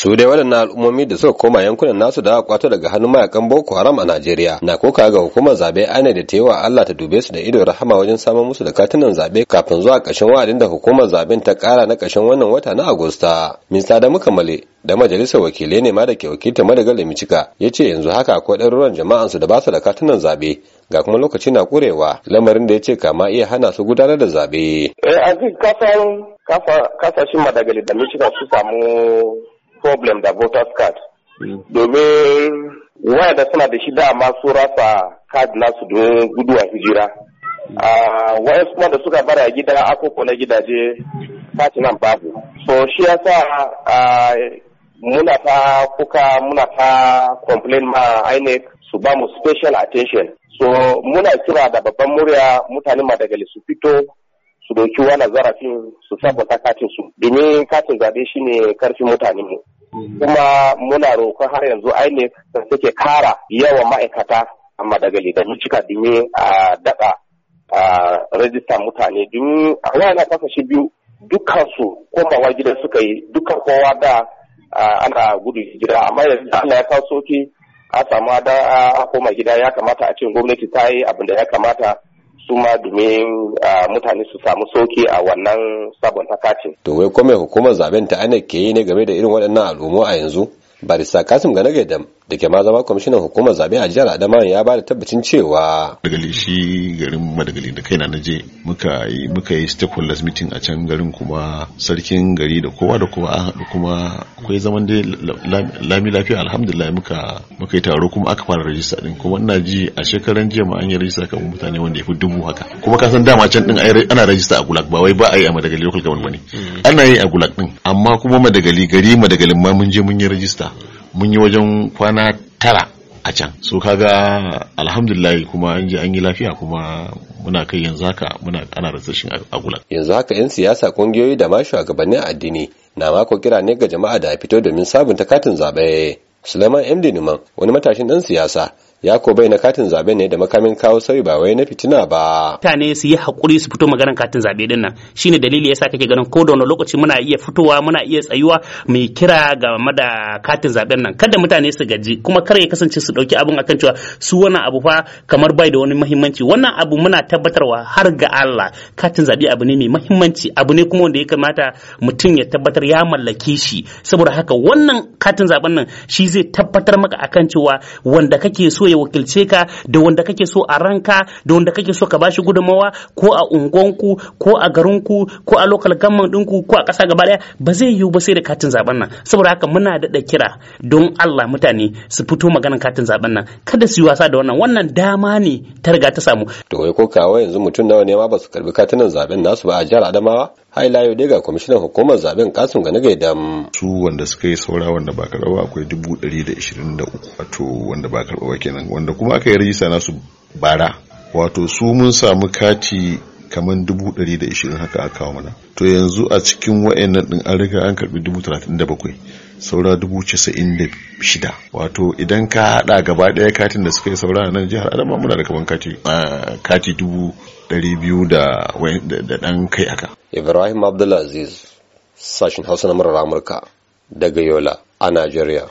su dai waɗannan al'ummomi da suka koma yankunan nasu da aka kwato daga hannun mayakan boko haram a najeriya na koka ga hukumar zabe ana da taiwa allah ta dube su da ido rahama wajen samun musu da katunan zabe kafin zuwa ƙarshen wa'adin da hukumar zaben ta ƙara na ƙarshen wannan wata na agusta minista da muka male da majalisar wakilai ne ma da ke wakilta madagal micika ya ce yanzu haka akwai ɗaruruwan jama'ansu da ba su da katunan zabe ga kuma lokaci na kurewa lamarin da ya ce kama iya hana su gudanar da zabe. eh kasashen madagali da micika su samu problem da voters card. Hmm. Domin wayanda suna da shi dama su rasa card nasu don guduwa hijira. Hmm. Ah, wayansu kuma da suka bara gida akoko na gidaje fati nan babu. So shi yasa ah, muna ta kuka muna ta complain ma INEC su ba mu special attention. So muna kira da babban murya mutane madagali su fito su doki wani zarafin su sabota katin su domin katin zabe ne karfin mutanen mu Kuma muna roƙon har yanzu ainihin da suke kara yawan ma'aikata a Madagali da cika Dime a daɗa a rajista mutane. Dun a yana kasashe biyu dukkansu komawa gidan suka yi dukkan kowa da ana gudu gida amma yanzu ana ya kawo soki a samu da a koma gida ya kamata a cikin gwamnati ta yi abin da ya kamata su ma domin mutane su samu sauki a wannan sabon takacin. To wai kome hukumar zaben ta ana ke yi ne game da irin waɗannan al'umma a yanzu? barista kasim gane gaidam da ke ma zama kwamishinan hukumar zabe a jihar adama ya ba da tabbacin cewa madagali shi garin madagali da kaina na je muka yi muka yi stakeholders meeting a can garin kuma sarkin gari da kowa da kowa an haɗu kuma akwai zaman dai lami lafiya alhamdulillah muka muka yi taro kuma aka fara rajista din kuma ina ji a shekaran jiya ma an yi rajista kan mutane wanda ya fi dubu haka kuma ka san dama can din ana rajista a gulag ba wai ba a yi a madagali local government bane mm. ana yi a gulag din amma kuma madagali gari madagalin ma mun je mun yi rajista mun yi wajen kwana tara a can so ga alhamdulillah kuma an je an yi lafiya kuma muna kai yanzu haka muna ana rasashin agulan yanzu haka yan siyasa kungiyoyi da ma shugabannin addini na mako kira ne ga jama'a da fito domin sabunta katin zabe Suleiman MD Numan wani matashin dan siyasa ya ko bai na katin zabe ne da makamin kawo sauyi ba wai na fitina ba mutane su yi hakuri su fito maganar katin zabe din nan shine dalili yasa kake ganin ko da wani lokaci muna iya fitowa muna iya tsayuwa mai kira game da katin zaben nan kada mutane su gaji kuma kar ya kasance su ɗauki abin akan cewa su wannan abu fa kamar bai da wani muhimmanci wannan abu muna tabbatarwa har ga Allah katin zabe abu ne mai muhimmanci abu ne kuma wanda ya kamata mutum ya tabbatar ya mallake shi saboda haka wannan katin zaben nan shi zai tabbatar maka akan cewa wanda kake so ya wakilce ka da wanda kake so a ranka da wanda kake so ka bashi gudunmawa ko a unguwanku ko a garinku ko a local government ɗinku ko a ƙasa gaba ɗaya ba zai yiwu ba sai da katin zaben nan saboda haka muna daɗa kira don Allah mutane su fito maganar katin zaben nan kada su yi wasa da wannan wannan dama ne ta riga ta samu to wai ko kawai yanzu mutum nawa ne ma ba su karbi katinan zaben nasu ba a jihar Adamawa hailayo daga kwamishinan hukumar zaben kasim gani gaidam su wanda suka yi saura wanda ba karɓa akwai dubu ɗari da ishirin da uku wato wanda ba karɓa ba kenan wanda kuma aka yi rajista nasu bara wato su mun samu kati kamar dubu ɗari da ishirin haka aka kawo mana to yanzu a cikin wa'annan ɗin an riga an karɓi dubu talatin da bakwai saura dubu casa'in da shida wato idan ka haɗa gaba ɗaya katin da suka yi saura nan jihar adama muna da kaman kati kati dubu dari biyu da ɗan kai aka. ibrahim abdulaziz sashen hausa na murar amurka daga yola a najeriya